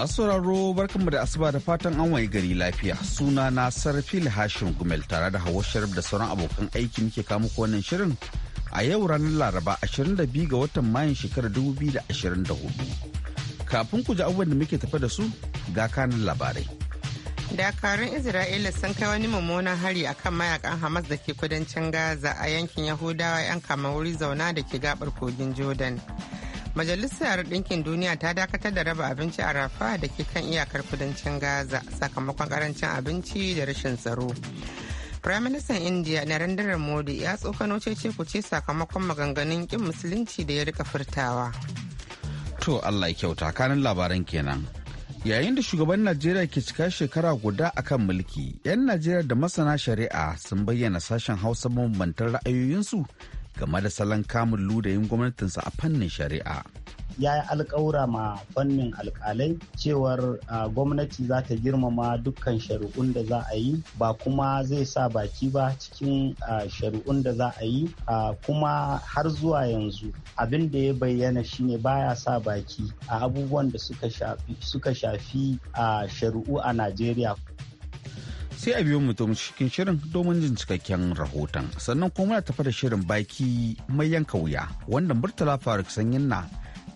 Masu sauraro barkanmu da asuba da fatan an waye gari lafiya. Suna na sarfi Hashim Gumel tare da hawa Sharif da sauran abokan aiki muke kamu ko wannan shirin a yau ranar Laraba 22 ga watan mayan shekarar 2024. Kafin ku ji abubuwan da muke tafa da su ga kanin labarai. dakarun isra'ila sun kai wani mummunan hari a kan mayakan hamas da ke kudancin gaza a yankin yahudawa 'yan kama wuri zauna da ke gabar kogin jordan Majalisar Ɗinkin Duniya ta dakatar da raba abinci a Rafa da ke kan iyakar kudancin Gaza sakamakon karancin abinci da rashin tsaro. Firaministan India Narendra Modi ya tsokano cece ce sakamakon maganganun kin musulunci da ya rika furtawa. To Allah kyauta kanin labaran kenan. Yayin da shugaban Najeriya ke cika shekara guda akan mulki, 'yan Najeriya da masana shari'a sun bayyana sashen Hausa mabambantar ra'ayoyinsu game da salon kamun ludayin gwamnatinsa a fannin shari'a. ya yi alkawura ma fannin alkalai cewar gwamnati za ta girmama dukkan shari'un da za a yi ba kuma zai sa baki ba cikin shari'un da za a yi kuma har zuwa yanzu abin da ya bayyana shine baya sa baki a abubuwan da suka shafi shari'u a najeriya sai a biyo mutum cikin shirin domin jin cikakken rahoton sannan kuma muna tafi da shirin baki mai yanka wuya wanda murtala faruk sanyin na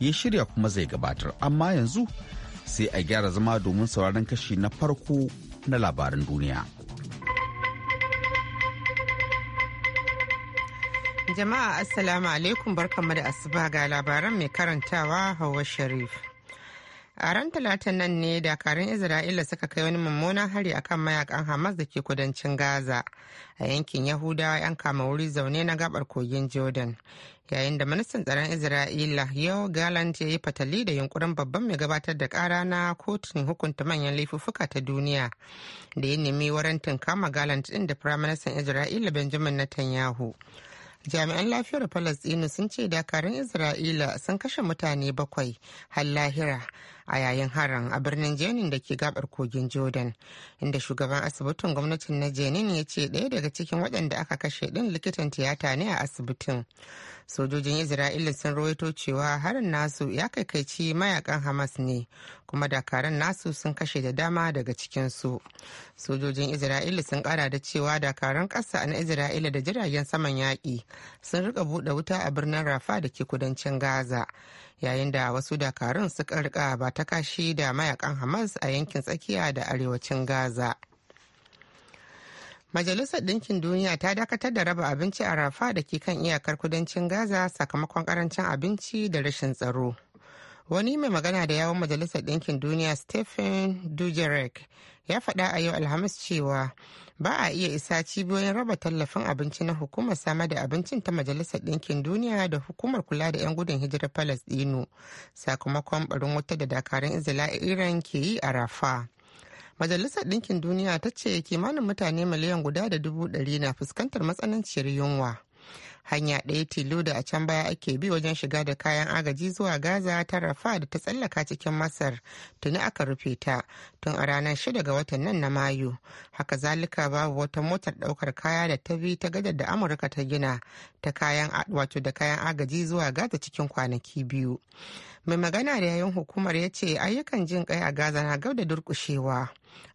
ya shirya kuma zai gabatar amma yanzu sai a gyara zama domin sauraron kashi na farko na labaran duniya jama'a assalamu alaikum barkanmu da asuba ga labaran mai karantawa hawa sharif a ran talatin nan ne dakarun isra'ila suka kai wani mummunan hari a kan mayakan hamas da ke kudancin gaza a yankin yahudawa yan kama wuri zaune na gabar kogin jordan yayin da ministan tsaron isra'ila yau galant ya yi fatali da yunkurin babban mai gabatar da kara na kotun hukunta manyan laifuffuka ta duniya da ya nemi warantin kama galant din da firaministan isra'ila benjamin netanyahu jami'an lafiyar falastinu sun ce dakarun isra'ila sun kashe mutane bakwai har lahira a yayin harin a birnin jenin da ke gabar kogin jordan inda shugaban asibitin gwamnatin na jenin ya ce ɗaya daga cikin waɗanda aka kashe ɗin likitan tiyata ne a asibitin sojojin isra'ila sun rawaito cewa harin nasu ya kai kaici mayakan hamas ne kuma dakaran nasu sun kashe da dama daga cikinsu sojojin isra'ila sun kara da cewa dakaran ƙasa na isra'ila da jiragen saman yaƙi sun rika buɗe wuta a birnin rafa da ke kudancin gaza yayin da wasu dakarun suka rika ba ta kashi da mayakan hamas a yankin tsakiya da arewacin gaza majalisar ɗinkin duniya ta dakatar da raba abinci a rafa da ke kan iyakar kudancin gaza sakamakon karancin abinci da rashin tsaro wani mai magana da yawon majalisar ɗinkin duniya stephen dujerek ya faɗa a yau alhamis cewa ba a iya isa cibiyoyin raba tallafin abinci na hukumar samar da abincin ta majalisar ɗinkin duniya da hukumar kula da 'yan gudun hijirar palestino sakamakon barin wuta da dakarun iran ke yi a rafa majalisar ɗinkin duniya ta ce kimanin mutane miliyan guda da dubu ɗari na fuskantar matsananciyar yunwa hanya ɗaya tilo da a can baya ake bi wajen shiga da kayan agaji zuwa gaza ta rafa da ta tsallaka cikin masar tuni aka rufe ta tun a ranar shida ga watan nan na mayu haka zalika babu wata motar ɗaukar kaya da ta bi ta gadar da amurka ta gina ta kayan wato da kayan agaji zuwa gaza cikin kwanaki biyu mai magana da yayin hukumar ya ce ayyukan jin kai a gaza na gau da durkushewa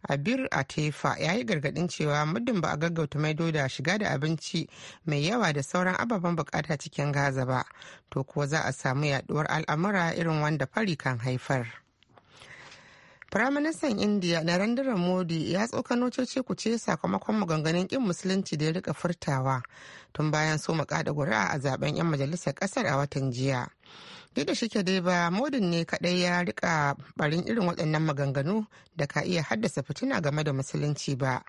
abir atefa ya yi gargadin cewa muddin ba a gaggauta maido da shiga da abinci mai yawa da sauran ababen bukata cikin gaza ba to kuwa za a samu yaduwar al'amura irin wanda fari kan haifar Firaministan Indiya Narendra Modi ya tsokano cece ce sakamakon maganganun kin musulunci da ya rika furtawa tun bayan so kada ƙuri'a a zaben 'yan majalisar ƙasar a watan jiya. Duk da shike dai ba modin ne kaɗai ya rika barin irin waɗannan maganganu da ka iya haddasa fitina game da musulunci ba.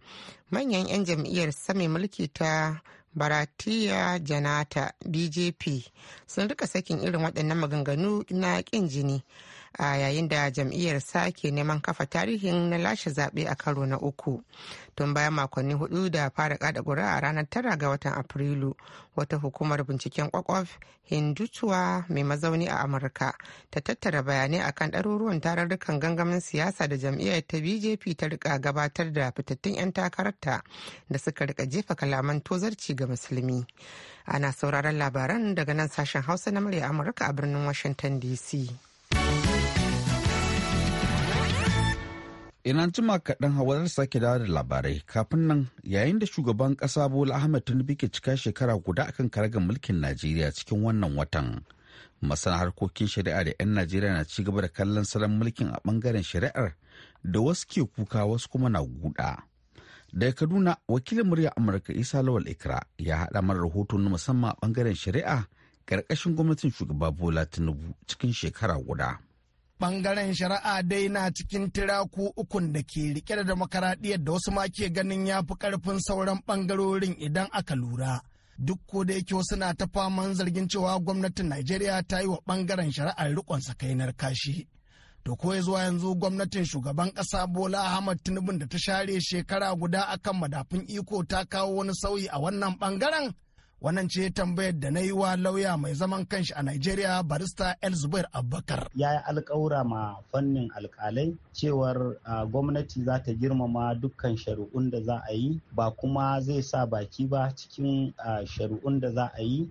Manyan 'yan jam'iyyar sami mulki ta baratiya janata bjp sun rika sakin irin waɗannan maganganu na ƙin jini a yayin da jam'iyyar sa ke neman kafa tarihin na lashe zaɓe a karo na uku tun bayan makonni hudu da fara kada ƙuri'a a ranar tara ga watan afrilu wata hukumar binciken kwakwaf hindutuwa mai mazauni a amurka ta tattara bayanai akan ɗaruruwan tararrukan gangamin siyasa da jam'iyyar ta bjp ta rika gabatar da fitattun 'yan takararta da suka rika jefa kalaman tozarci ga musulmi ana sauraron labaran daga nan sashen hausa na murya amurka a birnin washington dc Ina jima kaɗan hawar sake dawo da labarai kafin nan yayin da shugaban ƙasa Bola Ahmed Tinubu ke cika shekara guda akan karagar mulkin Najeriya cikin wannan watan. Masana harkokin shari'a da 'yan Najeriya na ci gaba da kallon salon mulkin a ɓangaren shari'ar da wasu ke kuka wasu kuma na guda. Daga Kaduna, wakilin murya Amurka Isa Lawal Ikra ya haɗa mana rahoto na musamman a ɓangaren shari'a ƙarƙashin gwamnatin shugaba Bola Tinubu cikin shekara guda. Bangaren shari'a dai na cikin tiraku ukun da ke rike da demokaradiyyar da wasu ma ke ganin ya fi karfin sauran bangarorin idan aka lura. Duk ko da yake wasu ta faman zargin cewa gwamnatin Najeriya ta yi wa bangaren shari'ar rikon sakainar kashi. to ko zuwa yanzu gwamnatin shugaban ƙasa bola ahmad tinubu da ta share shekara guda akan madafin iko ta kawo wani sauyi a wannan bangaren Wannan ce tambayar da na yi wa lauya mai zaman kanshi a Najeriya barista El Zubair Abubakar. Ya yi alkawura ma fannin alkalai cewar gwamnati za ta girmama dukkan shari'un da za a yi ba kuma zai sa baki ba cikin shari'un da za a yi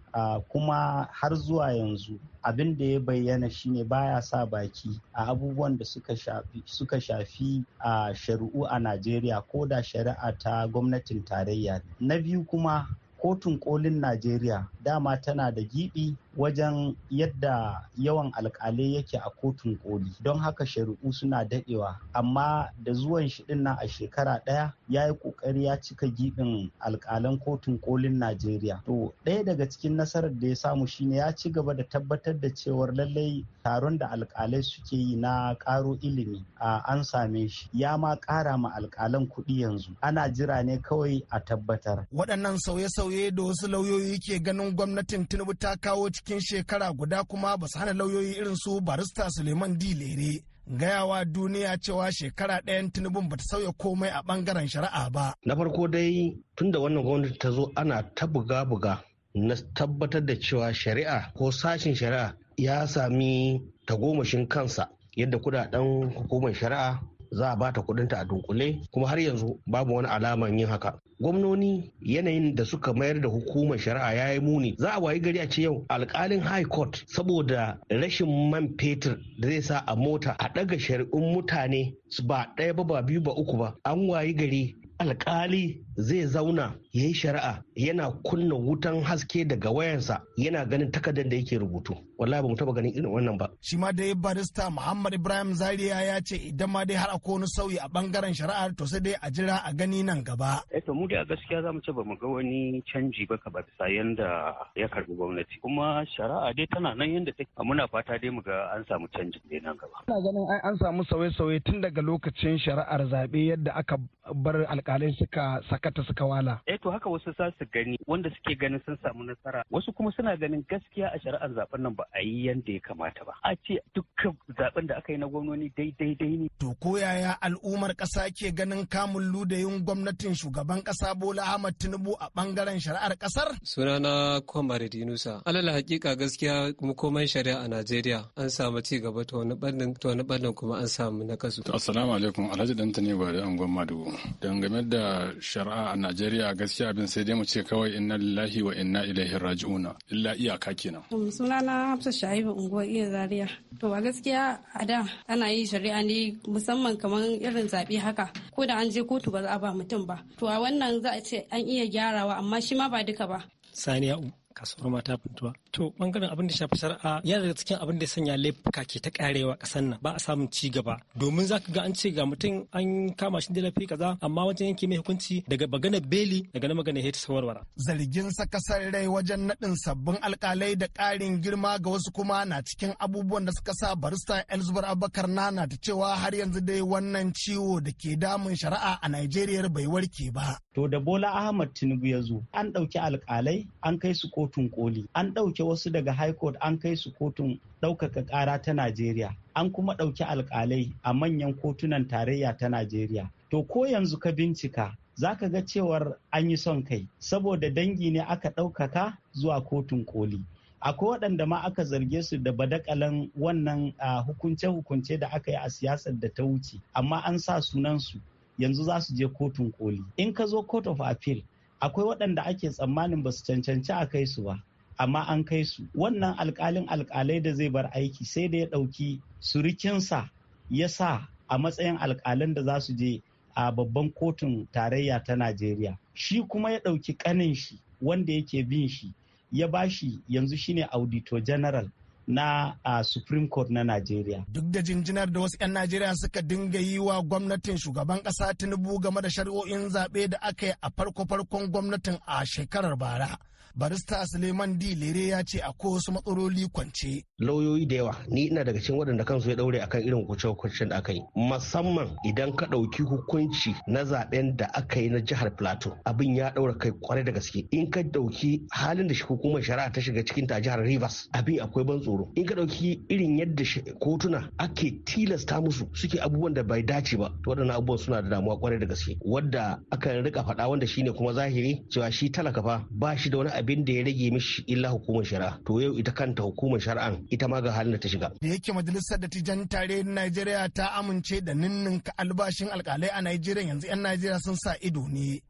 kuma har zuwa yanzu abin da ya bayyana shine baya sa baki a abubuwan da suka shafi suka shafi a shari'u a Najeriya ko da shari'a ta gwamnatin tarayya na biyu kuma kotun kolin Najeriya dama tana da gibi wajen yadda yawan alkalai yake a kotun koli don haka shari'u suna daɗewa. amma da zuwan shi din nan a shekara ɗaya, ya yi ƙoƙari ya cika gibin alkalan kotun kolin najeriya to ɗaya daga cikin nasarar da ya samu shine ya ci gaba da tabbatar da cewar lallai taron da alkalai suke yi na ƙaro ilimi a an same shi ya ma ƙara ma alkalan kuɗi yanzu ana jira ne kawai a tabbatar waɗannan sauye-sauye da wasu lauyoyi ke ganin gwamnatin tinubu ta kawo cikin shekara guda kuma ba su hana lauyoyi irin su barista suleiman d lere gayawa duniya cewa shekara ɗayan tinubun ta sauya komai a ɓangaren shari'a ba. Na farko dai tun da wannan gwamnati ta zo ana ta buga-buga na tabbatar da cewa shari'a ko sashin shari'a ya sami tagomashin kansa yadda kudaden hukumar shari'a za a bata kudinta a dunkule kuma har yanzu babu wani alaman yin haka gwamnoni yanayin da suka mayar da hukumar shari'a ya yi muni za a wayi gari a ce yau alkalin high court saboda rashin man fetur da zai sa a mota a daga shari'un mutane ba ɗaya ba ba biyu ba uku ba an wayi gari alkali zai zauna ya yi shari'a yana kunna wutan haske daga wayansa yana ganin takardar da yake rubutu wallahi ba mu taba ganin irin wannan ba shi ma dai barista muhammad ibrahim Zariya ya ce idan ma dai har akwai wani sauyi a bangaren shari'ar to sai dai a jira a gani nan gaba eh to mu dai a gaskiya za mu ce ba mu ga wani canji ba kaba bisa yanda ya karbi gwamnati kuma shari'a dai tana nan yanda take muna fata dai mu ga an samu canji dai nan gaba ina ganin ai an samu sauye-sauye tun daga lokacin shari'ar zabe yadda aka bar alkalai suka sakata suka wala eh to haka wasu za su gani wanda suke ganin sun samu nasara wasu kuma suna ganin gaskiya a shari'ar zaben nan ba a yi yanda ya kamata ba a ce dukkan zaben da aka yi na gwamnoni daidai dai ne to ko yaya al'ummar kasa ke ganin kamun ludayin gwamnatin shugaban kasa Bola Ahmad Tinubu a bangaren shari'ar ƙasar na Kwamar Dinusa alal hakika gaskiya mu komai shari'a a Najeriya an samu ci gaba to wani bannin to wani bannin kuma an samu na kasu assalamu alaikum alhaji danta ne ba da angon madugu dangane da shari'a a Najeriya gaskiya abin sai dai mu ce kawai inna lillahi wa inna ilaihi raji'una illa iyaka kenan sunana Hafsa Shaibu unguwar iya Zaria to a gaskiya a da ana yi shari'a ne musamman kamar irin zaɓe haka ko da an je kotu ba za a ba mutum ba to a wannan za a ce an iya gyarawa amma shi ma ba duka ba Saniya kasuwar mata fintuwa. To bangaren abin da shafi shari'a yana daga cikin abin da sanya laifuka ke ta karewa kasan nan ba a samun ci gaba domin za ka ga an ce ga mutum an kama shi da laifi kaza amma wajen yanke mai hukunci daga magana beli daga na magana hate sawarwara. Zargin sa kasar rai wajen naɗin sabbin alkalai da ƙarin girma ga wasu kuma na cikin abubuwan da suka sa barista Elzubar Abubakar Nana ta cewa har yanzu dai wannan ciwo da ke damun shari'a a Najeriya bai warke ba. To da Bola Ahmad Tinubu ya zo an ɗauki alkalai an kai su kotun koli an ɗauke wasu daga high court an kai su kotun ɗaukaka ƙara ta najeriya an kuma ɗauki alƙalai a manyan kotunan tarayya ta najeriya to ko yanzu ka bincika za ka ga cewar an yi son kai saboda dangi ne aka ɗaukaka zuwa kotun koli akwai waɗanda ma aka zarge su da badakalan wannan hukunce-hukunce da aka yi a siyasar da ta wuce amma an sa sunansu yanzu za su je kotun koli in ka zo court of appeal akwai waɗanda ake tsammanin ba su cancanci a kai su ba amma an kai su wannan alkalin alkalai da zai bar aiki sai da ya ɗauki surikinsa ya sa a matsayin alkalin da za su je a babban kotun tarayya ta najeriya shi kuma ya ɗauki ƙanin shi wanda yake bin shi ya bashi yanzu shine auditor general na a Supreme Court na Najeriya. Duk da jinjinar da wasu 'yan Najeriya suka dinga yi wa gwamnatin shugaban ƙasa Tinubu game da shari'o'in zaɓe da aka yi a farko-farkon gwamnatin a shekarar bara. barista suleiman d lere ya ce akwai wasu matsaloli kwance lauyoyi da yawa ni ina daga cikin waɗanda kansu ya daure akan irin hukunce-hukuncen da aka yi musamman idan ka ɗauki hukunci na zaben da aka yi na jihar plateau abin ya ɗaura kai kwarai da gaske in ka ɗauki halin da hukumar shari'a ta shiga cikin ta jihar rivers abin akwai ban tsoro in ka ɗauki irin yadda kotuna ake tilasta musu suke abubuwan da bai dace ba to waɗannan abubuwan suna da damuwa kwarai da gaske wadda aka rika faɗa wanda shine kuma zahiri cewa shi talaka fa ba shi da wani abin da ya rage mishi illa hukumar shari'a to yau ita kanta hukumar shari'an ita ma ga halin da ta shiga da yake majalisar dattijan tare Najeriya ta amince da ninninka albashin alkalai a Najeriya yanzu 'yan Najeriya sun sa ido ne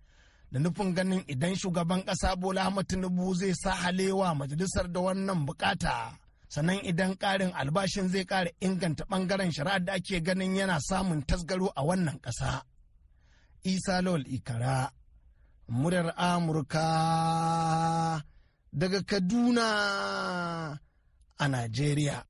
da nufin ganin idan shugaban kasa Bola Ahmed zai sa halewa majalisar da wannan bukata sannan idan ƙarin albashin zai ƙara inganta ɓangaren shari'ar da ake ganin yana samun tasgaro a wannan ƙasa. isa lol ikara murar amurka daga kaduna a najeriya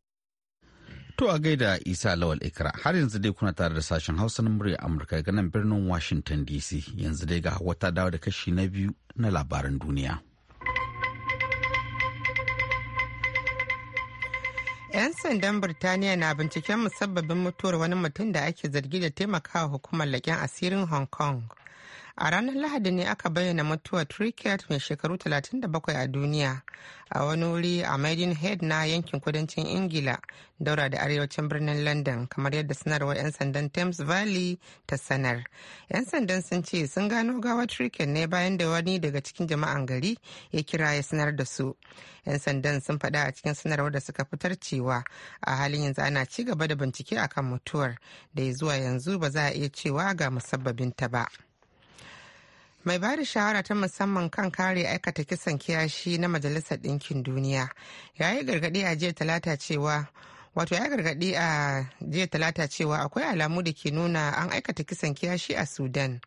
To a gaida Isa Lawal Ikara har yanzu dai kuna tare da sashen Hausa na murya Amurka daga nan birnin Washington DC yanzu dai ga wata dawo da kashi na biyu na labaran duniya. 'Yan sandan Birtaniya na binciken musabbabin mutuwar wani mutum da ake zargi da taimakawa hukumar laƙen asirin Hong Kong. a ranar lahadi ne aka bayyana mutuwar triket mai shekaru 37 a duniya a wani wuri a maidenhead na yankin kudancin ingila daura da arewacin birnin london kamar yadda sanarwar 'yan sandan thames valley ta sanar 'yan sandan sun ce sun gano gawar triket ne bayan da wani daga cikin jama'an gari ya kira ya sanar da su 'yan sandan sun faɗa a cikin sanarwar da suka fitar cewa a halin yanzu ana ci gaba da bincike akan mutuwar da zuwa yanzu ba za a iya cewa ga musabbabin ta ba. mai ba da shahara ta musamman kan kare aikata kisan kiyashi na majalisar ɗinkin duniya ya yi gargaɗi a jiya talata cewa wato ya gargaɗi a jiya talata cewa akwai alamu da ke nuna an aikata kisan kiyashi a sudan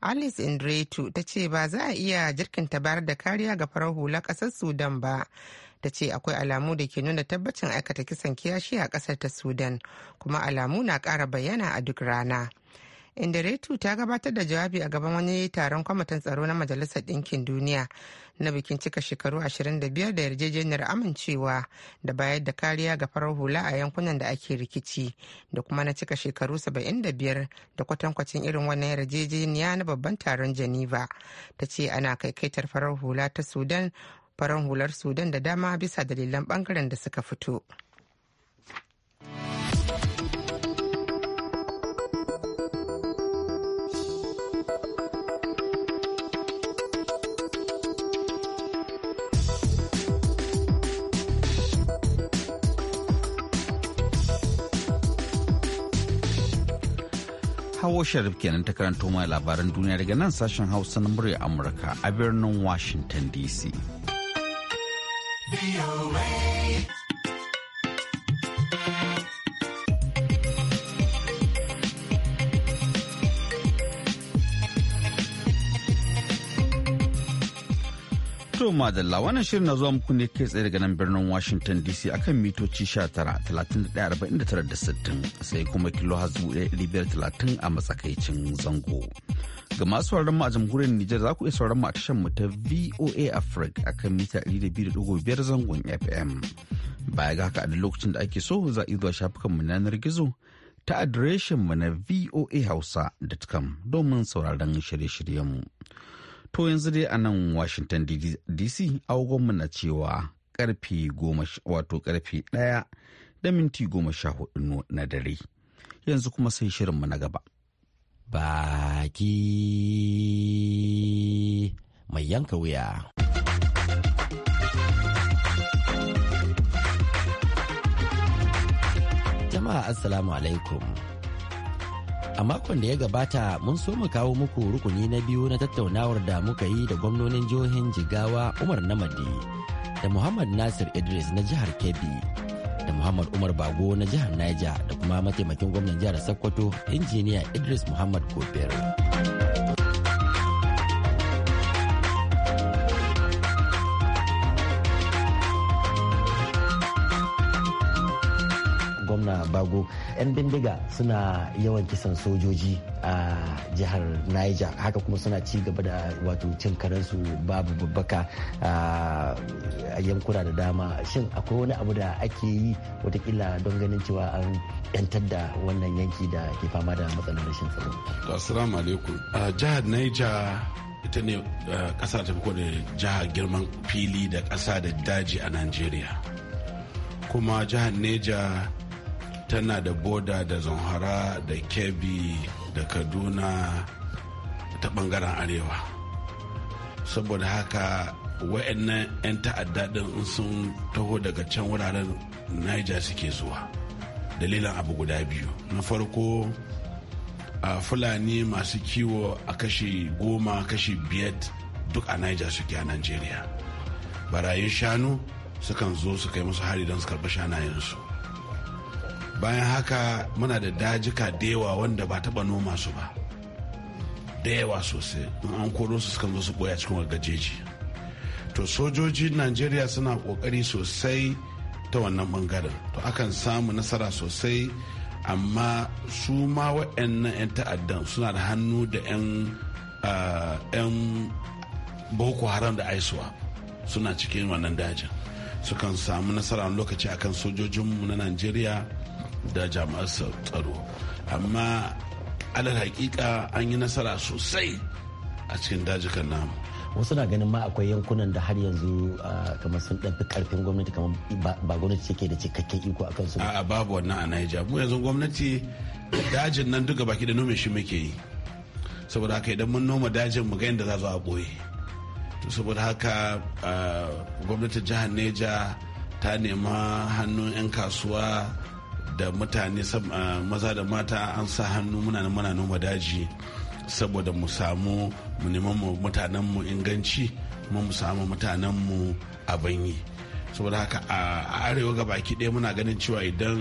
alice indretu ta ce ba za a iya jirkinta bayar da kariya ga farar hula ƙasar sudan ba ta ce akwai alamu da ke nuna tabbacin aikata kisan kiyashi a ƙasar ta sudan kuma alamu na ƙara bayyana a duk rana inda reto ta gabatar da jawabi a gaban wani taron kwamitin tsaro na majalisar ɗinkin duniya na bikin cika shekaru 25 da yarjejeniyar amincewa da bayar da kariya ga farar hula a yankunan da ake rikici da kuma na cika shekaru 75 da kwatankwacin irin wannan yarjejeniya na babban taron geneva ta ce ana kaikaitar farar hula ta sudan farar hular sudan da dama bisa dalilan bangaren da suka fito. Hawo Sharif kenan ta karanto mai labaran duniya daga nan sashen Hausa na murya Amurka a birnin Washington DC. To madalla wannan shirin na zuwa muku ne kai tsaye daga nan birnin Washington DC akan mitoci 19,31,49,60 sai kuma kilo biyar talatin a matsakaicin zango. Ga masu sauraron mu a jamhuriyar Nijar za ku iya sauraron mu a tashar mu ta VOA Africa akan mita 200.5 zangon FM. Baya ga haka a lokacin da ake so za a zuwa shafukan mu yanar gizo ta adireshin mu na voahausa.com domin sauraron shirye-shiryen mu. To yanzu dai a nan Washington DC agogonmu na cewa karfe goma wato karfe ɗaya da minti goma sha hudu na dare. Yanzu kuma sai shirinmu na gaba. Baki mai yanka wuya. Jama'a Assalamu alaikum. a makon da ya gabata mun so mu kawo muku rukuni na biyu na tattaunawar da muka yi da gwamnonin jihohin jigawa umar namadi da muhammad nasir idris na jihar kebbi da muhammad umar bago na jihar niger da kuma mataimakin gwamnan jihar sokoto injiniya idris muhammad kofir. Fago 'yan bindiga suna yawan kisan sojoji a jihar Niger haka kuma suna ci gaba da wato cin karensu babu babbaka a yankuna da dama shin akwai wani abu da ake yi watakila don ganin cewa an yantar da wannan yanki da ke fama da matsalar rashin tsaro. Assalamu alaikum. Jihar Niger ita ne kasa ta fi da jihar girman fili da kasa da daji a Najeriya. Kuma jihar Niger tana da boda da zamfara da kebbi da kaduna ta bangaren arewa saboda haka wa'annan 'yan ta'adda ɗin sun taho daga can wuraren niger suke zuwa dalilan abu guda biyu na farko a fulani masu kiwo a kashi goma kashi biyar duk a niger suke a nigeria barayin shanu sukan zo su kai musu hari don su karɓi shanayensu bayan haka muna da dajika da yawa wanda ba taba noma su ba da yawa sosai an koro su sukan zo su boya cikin gajeji to sojoji najeriya suna kokari sosai ta wannan bangaren to akan samu nasara sosai amma su ma waɗannan 'yan ta'addan suna da hannu da 'yan boko haram da aisuwa suna cikin wannan dajin sukan samu nasara lokaci akan sojojinmu na najeriya da jami'an tsaro amma alal hakika an yi nasara sosai a cikin dajikan namu wasu na ganin ma akwai yankunan da har yanzu kamar sun ɗanfi karfin gwamnati kamar ba gwamnati ke da cikakken iko a kansu a babu wannan a naija mu yanzu gwamnati dajin nan duka baki da nome shi muke yi saboda haka idan mun noma dajin mu ga da za zo a ɓoye saboda haka gwamnatin jihar neja ta nema hannun 'yan kasuwa da mutane ah, maza da mata an sa hannu muna muna noma daji saboda mu samu mu neman mutanen mu inganci kuma mu samu mutanen mu abin yi saboda haka a arewa ga baki ɗaya muna ganin cewa idan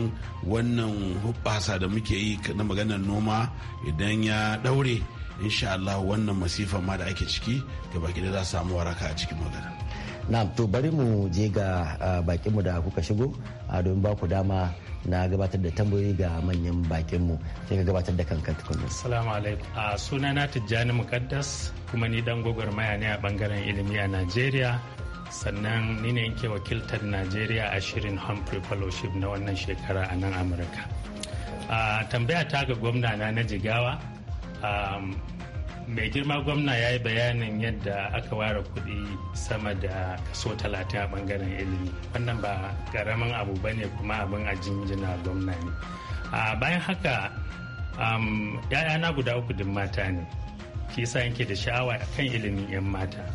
wannan hubbasa da muke yi na maganar noma idan ya ɗaure insha Allah wannan masifa ma da ake ciki ga baki ɗaya za su samu waraka a cikin magana. na to bari mu je ga ah, bakinmu da kuka shigo ah, domin ba ku dama na gabatar da tambayoyi ga manyan bakinmu sai ka gabatar da kanka tukunna. Assalamu alaikum. A na Tijjani Mukaddas kuma ni dan maya ne a bangaren ilimi a Najeriya. Sannan ni ne yanke wakiltar Najeriya a shirin Humphrey Fellowship na wannan shekara a nan Amurka. A tambaya ta ga gwamna na na Jigawa um, mai girma gwamna ya yi bayanin yadda aka ware kuɗi sama da kaso talatin a bangaren ilimi wannan ba karamin abu ba ne kuma abin a jinjina gwamna ne bayan haka ‘ya'yana guda uku din mata ne ke sa yanke da sha'awa kan ilimin 'yan mata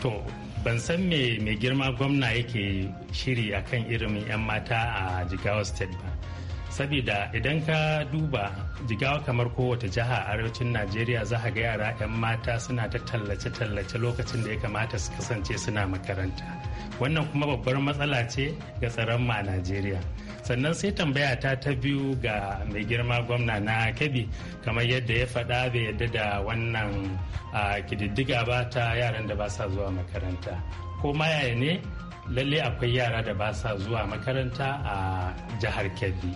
to ban san me mai girma gwamna yake shiri akan ilimin 'yan mata a jigawa state ba saboda idan ka duba jigawa kamar kowace jiha a arewacin najeriya za ga yara 'yan mata suna ta tallace-tallace lokacin da ya kamata su kasance suna makaranta wannan kuma babbar matsala ce ga tsaron ma a najeriya sannan sai tambaya ta ta biyu ga mai girma gwamna na kebbi kamar yadda ya faɗa bai yadda da wannan kididdiga ba ta yaran da ba sa zuwa makaranta ko yaya ne lalle akwai yara da ba sa zuwa makaranta a jihar kebbi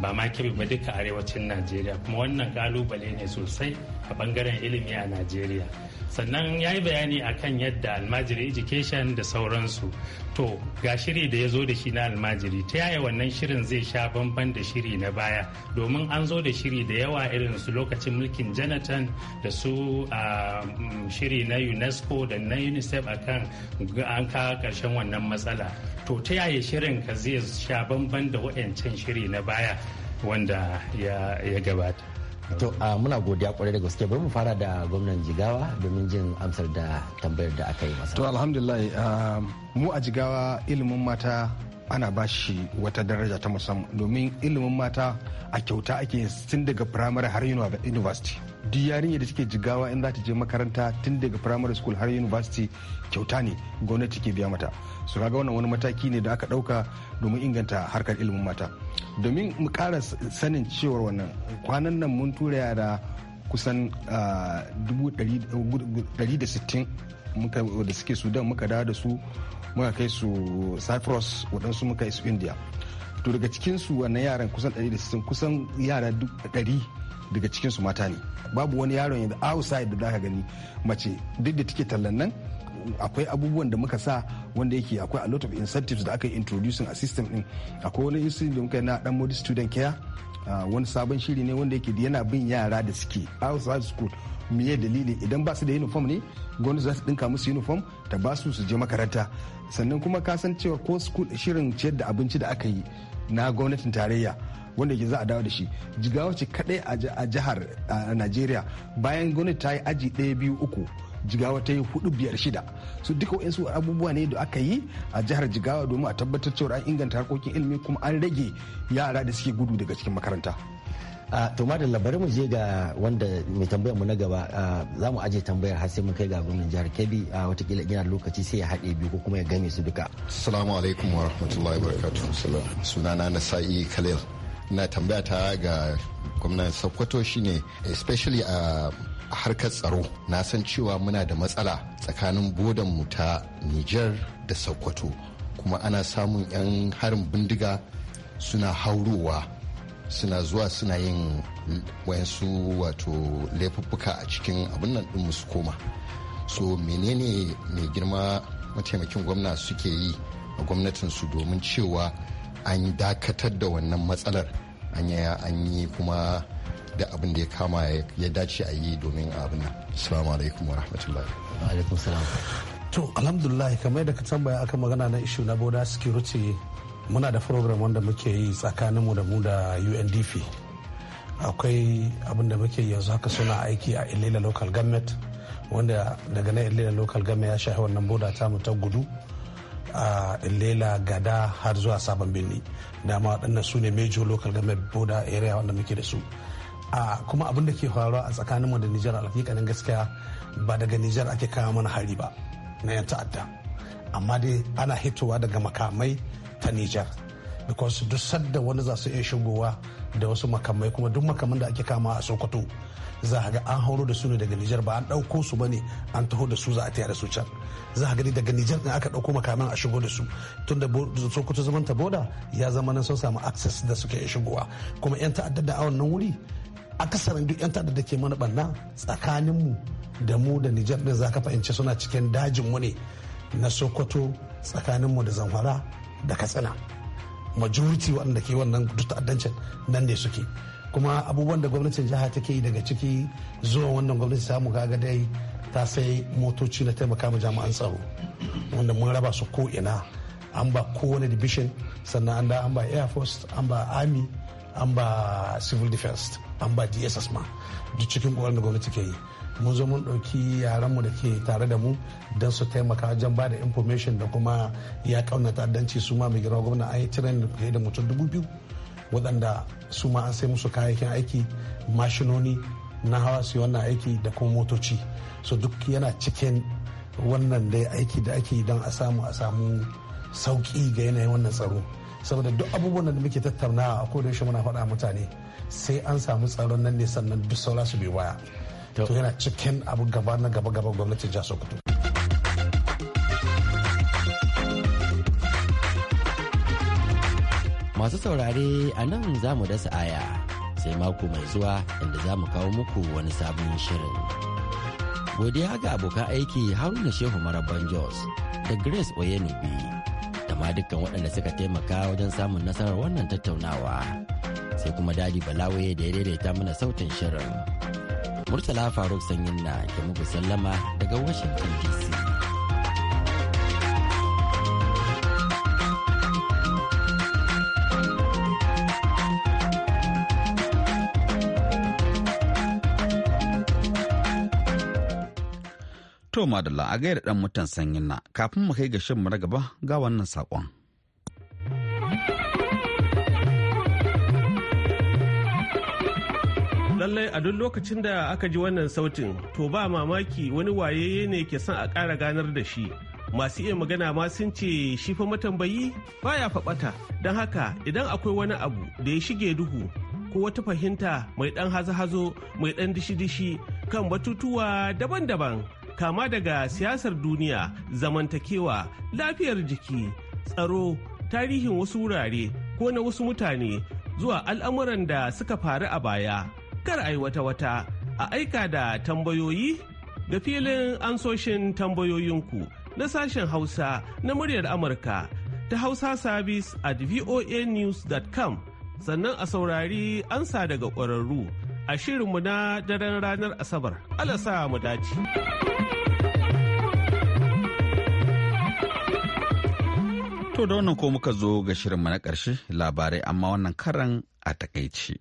ba ma kebe ba duka arewacin najeriya kuma wannan kalubale ne sosai a bangaren ilimi a najeriya sannan ya yi bayani akan yadda almajiri education da sauransu to ga shiri da ya zo da shi na almajiri ta yaya wannan shirin zai sha bamban da shiri na baya domin an zo da shiri da yawa irin su lokacin mulkin jonathan da su mm, shiri na unesco da na unicef akan an kawo karshen wannan matsala to ta yaya shirin ka zai sha bamban da waɗancan shiri na baya wanda ya gabata To muna godiya kwarai da gaske bari mu fara da gwamnan Jigawa domin jin amsar da tambayar da aka yi masa. To alhamdulillah mu a Jigawa ilimin mata ana ba shi wata daraja ta musamman domin ilimin mata a kyauta ake tun daga firamare har university duk yarinya da take jigawa in za ta je makaranta tun daga primary school har university kyauta ne gwamnati ke biya mata su kaga wannan wani mataki ne da aka dauka domin inganta harkar ilimin mata domin mu kara sanin cewar wannan kwanan nan mun tura yara kusan ah, sittin. da suke sudan muka dawo da su muka kai su cyprus waɗansu muka kai su india to daga cikinsu wannan yaran kusan 160 kusan yara 100 daga cikinsu mata ne babu wani yaron yadda outside da za ka gani mace duk da take tallan nan akwai abubuwan da muka sa wanda yake akwai a lot of incentives da aka yi introducing a system din akwai wani institute da muka yi na dan modi student care wani sabon shiri ne wanda yake yana bin yara da suke outside school miye dalili idan ba su da uniform ne gwamnati za su dinka musu uniform ta ba su su je makaranta sannan kuma ka san cewa ko school shirin ciyar da abinci da aka yi na gwamnatin tarayya wanda ke za a dawo da shi jigawa ce kadai a jihar a najeriya bayan gwamnati ta yi aji ɗaya biyu uku jigawa ta yi hudu biyar shida su duka su abubuwa ne da aka yi a jihar jigawa domin a tabbatar cewa an inganta harkokin ilimi kuma an rage yara da suke gudu daga cikin makaranta a to da labarin mu je ga wanda mai tambayar mu na gaba za mu aje tambayar har sai mun kai ga gwamnan jihar kebbi a watakila gina lokaci sai ya haɗe biyu ko kuma ya game su duka assalamu alaikum wa rahmatullahi wa barakatuhu sunana na sa'i khalil na tambaya ta ga gwamnan sokoto shine especially a harkar tsaro na san cewa muna da matsala tsakanin mu ta niger da sokoto kuma ana samun 'yan harin bindiga suna haurowa suna zuwa suna yin wayansu wato laifuffuka a cikin abin nan din su koma so menene mai girma mataimakin gwamna suke yi a gwamnatinsu domin cewa an dakatar da wannan matsalar an yi kuma da abin da ya kama ya dace a yi domin abin nan alaikum wa rahmatullahi alaikum to alhamdulillah kamar da ka tambaya aka magana na ishu na boda security muna da program wanda muke yi tsakaninmu da mu da undp akwai abin da muke yi yanzu haka suna aiki a ilila local government wanda daga na ilila local government ya shahi wannan boda ta mu ta gudu a lela gada har zuwa sabon birni dama waɗannan su ne major local government border area wanda muke da su a kuma abin da ke faruwa a tsakaninmu da nijar alhakikanin gaskiya ba daga nijar ake kawo mana hari ba na yan ta'adda amma dai ana hitowa daga makamai ta nijar because duk sadda wani za su iya shigowa da wasu makamai kuma duk makaman da ake kama a sokoto za a ga an horo da su ne daga Nijar ba an ɗauko su ba ne an taho da su za a taya da su can za a gani daga Nijar ɗin aka ɗauko makaman a shigo da su tun da Sokoto zaman ta boda ya zama nan sun samu access da suke shigowa kuma 'yan ta'addar da a nan wuri akasarin duk 'yan ta'addar da ke mana barna mu da mu da Nijar ɗin za ka fahimci suna cikin dajin mu ne na Sokoto tsakaninmu da Zamfara da Katsina majority waɗanda ke wannan duk ta'addancin nan ne suke kuma abubuwan da gwamnatin jiha take yi daga ciki zuwa wannan gwamnati samu kaga dai ta sai motoci na taimaka ma jami'an tsaro wanda mun raba su ko ina an ba kowane division sannan an da an ba air force an ba army an ba civil defense an ba dss ma duk cikin kokarin da gwamnati ke yi mun zo mun ɗauki mu da ke tare da mu don su taimaka wajen ba da information da kuma ya kauna ta'addanci su ma mai gwamna an yi tiran da mutum dubu biyu waɗanda su ma an sai musu kayayyakin aiki mashinoni na hawa su wannan aiki da kuma motoci so duk yana cikin wannan dai aiki da ake don a samu a samu sauki ga yanayin wannan tsaro saboda duk abubuwan da muke tattaunawa a koda yaushe muna faɗa mutane sai an samu tsaron nan ne sannan duk saura su bai baya to yana cikin abu gaba na gaba gaba gwamnatin jasokoto sokoto Masu saurare a nan za mu dasa aya sai mako mai zuwa inda za mu kawo muku wani sabon shirin. Godiya ga abokan aiki Haruna Shehu Maraban Jos da Grace Oyenubi da ma dukkan waɗanda suka taimaka wajen samun nasarar wannan tattaunawa. Sai kuma Dadi Balawe da ya daidaita mana sautin shirin. Murtala Faruk Sanyin na ke muku sallama daga Washington DC. To madalla a gaida dan mutan sanyin na kafin mu kai ga shin mu gaba ga wannan sakon. Lallai a duk lokacin da aka ji wannan sautin to ba mamaki wani waye ne ke son a ƙara ganar da shi. masu iya magana ma sun ce shi fa matambayi baya faɓata don haka idan akwai wani abu da ya shige duhu ko wata fahimta mai ɗan hazo-hazo mai ɗan dishi-dishi kan batutuwa daban-daban kama daga siyasar duniya zamantakewa lafiyar jiki tsaro tarihin wasu wurare ko na wasu mutane zuwa al'amuran da suka faru a baya kar a yi wata-wata a aika da tambayoyi da filin ansoshin tambayoyinku na sashen hausa na muryar amurka ta hausa service at voanews.com sannan a saurari ansa daga ƙwararru a shirinmu na daren ranar Asabar. Alasa mu dace. To da wannan ko muka zo ga shirinmu na ƙarshe labarai amma wannan karan a takaici.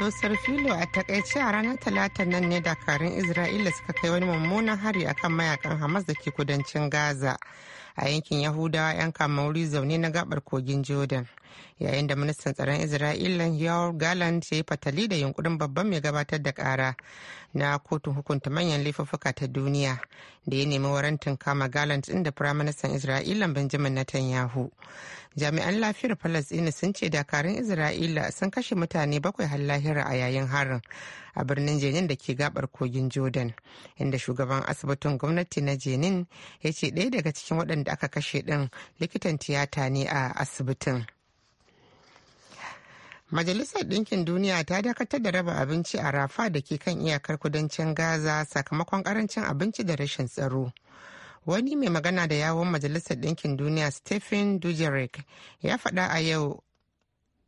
Dosar filo a takaice a ranar talata nan ne dakarun Isra'ila suka kai wani mummunan hari akan mayakan Hamas da ke kudancin Gaza. a yankin yahudawa 'yan kamauri zaune na gabar kogin jordan yayin da ministan tsaron isra'ila yawar Galant ya yi fatali da yunkurin babban mai gabatar da kara na kotun hukunta manyan laifuffuka ta duniya da ya nemi warantin kama galand din da firaministan isra'ila benjamin netanyahu jami'an lafiyar palestina sun ce dakarun isra'ila sun kashe mutane bakwai har lahira a yayin harin a birnin Jenin da ke gabar kogin Jordan, inda shugaban asibitin gwamnati na Jenin ya ce ɗaya daga cikin waɗanda aka kashe ɗin likitan tiyata ne a asibitin. Majalisar Ɗinkin Duniya ta dakatar da raba abinci a Rafa da ke kan iyakar kudancin Gaza sakamakon ƙarancin abinci da rashin tsaro. wani mai magana da yawon majalisar ɗinkin duniya stephen dujarric ya faɗa a yau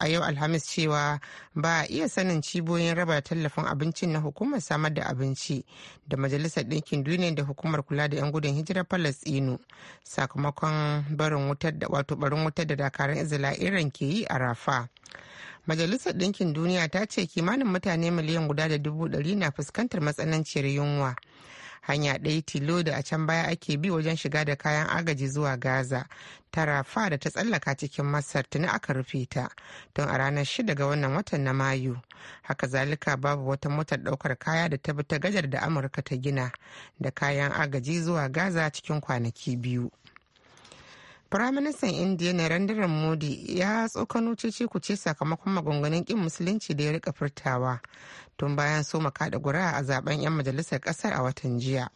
a yau alhamis cewa ba a iya sanin cibiyoyin raba tallafin abincin na hukumar samar da abinci da majalisar ɗinkin duniya da hukumar kula da 'yan gudun hijirar palestino sakamakon barin wutar da wato barin wutar da dakarun ke yi a rafa majalisar ɗinkin duniya ta ce kimanin mutane miliyan guda da dubu ɗari na fuskantar matsananciyar yunwa hanya ɗaya tilo da a can baya ake bi wajen shiga da kayan agaji zuwa gaza tarafa da ta tsallaka cikin masar tuni aka rufe ta don a ranar shida ga wannan watan na mayu haka zalika babu wata motar ɗaukar kaya da ta bi ta gajar da amurka ta gina da kayan agaji zuwa gaza cikin kwanaki biyu Firaministan Indiya Narendra Modi ya tsokano cece ce sakamakon maganganun kin musulunci da ya rika furtawa tun bayan so kaɗa gura a zaben 'yan majalisar ƙasar a watan jiya.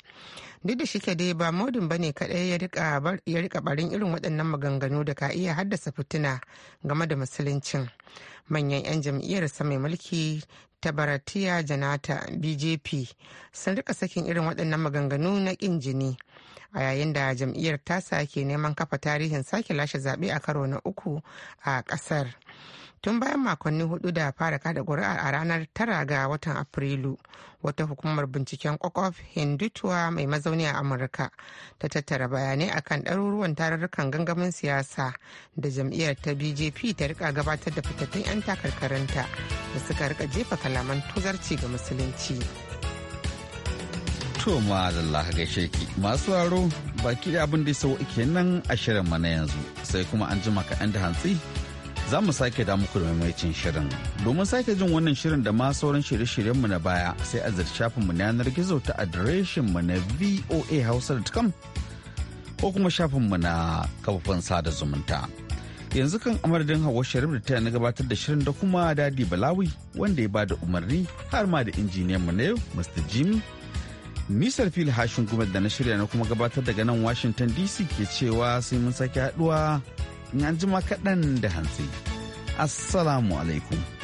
Duk da shike dai ba Modin bane kaɗai ya rika barin irin waɗannan maganganu da ka iya haddasa fitina game da musuluncin. Manyan 'yan sa mai mulki ta baratiya janata bjp sun rika sakin irin waɗannan maganganu na ƙin jini a yayin da jam'iyyar tasa ke neman kafa tarihin sake lashe zaɓe a karo na uku a ƙasar. tun bayan makonni hudu da fara kada ƙuri'a a ranar tara ga watan afrilu wata hukumar binciken kwakwaf hindutuwa mai mazauni a amurka ta tattara bayanai akan ɗaruruwan tarurrukan gangamin siyasa da jam'iyyar ta bjp ta rika gabatar da fitattun 'yan takarkarinta da suka rika jefa kalaman tuzarci ga musulunci. To ma Allah gaishe ki masu raro baki da abin da ya sau nan a shirin mana yanzu sai kuma an jima kaɗan da hantsi za mu sake da muku da maimaicin shirin. Domin sake jin wannan shirin da ma sauran shirye shiryen mu na baya sai a shafinmu na yanar gizo ta mu na voahausa.com ko kuma shafinmu na kafafen sada zumunta. Yanzu kan amardin Hawa Sharif da ta na gabatar da shirin da kuma Dadi Balawi wanda ya bada umarni har ma da mu na yau Mr. Jimmy Nisar fili hashin gumar da na shirya na kuma gabatar daga nan Washington DC ke cewa sai mun sake haduwa in an jima kaɗan da hantsi. Assalamu alaikum.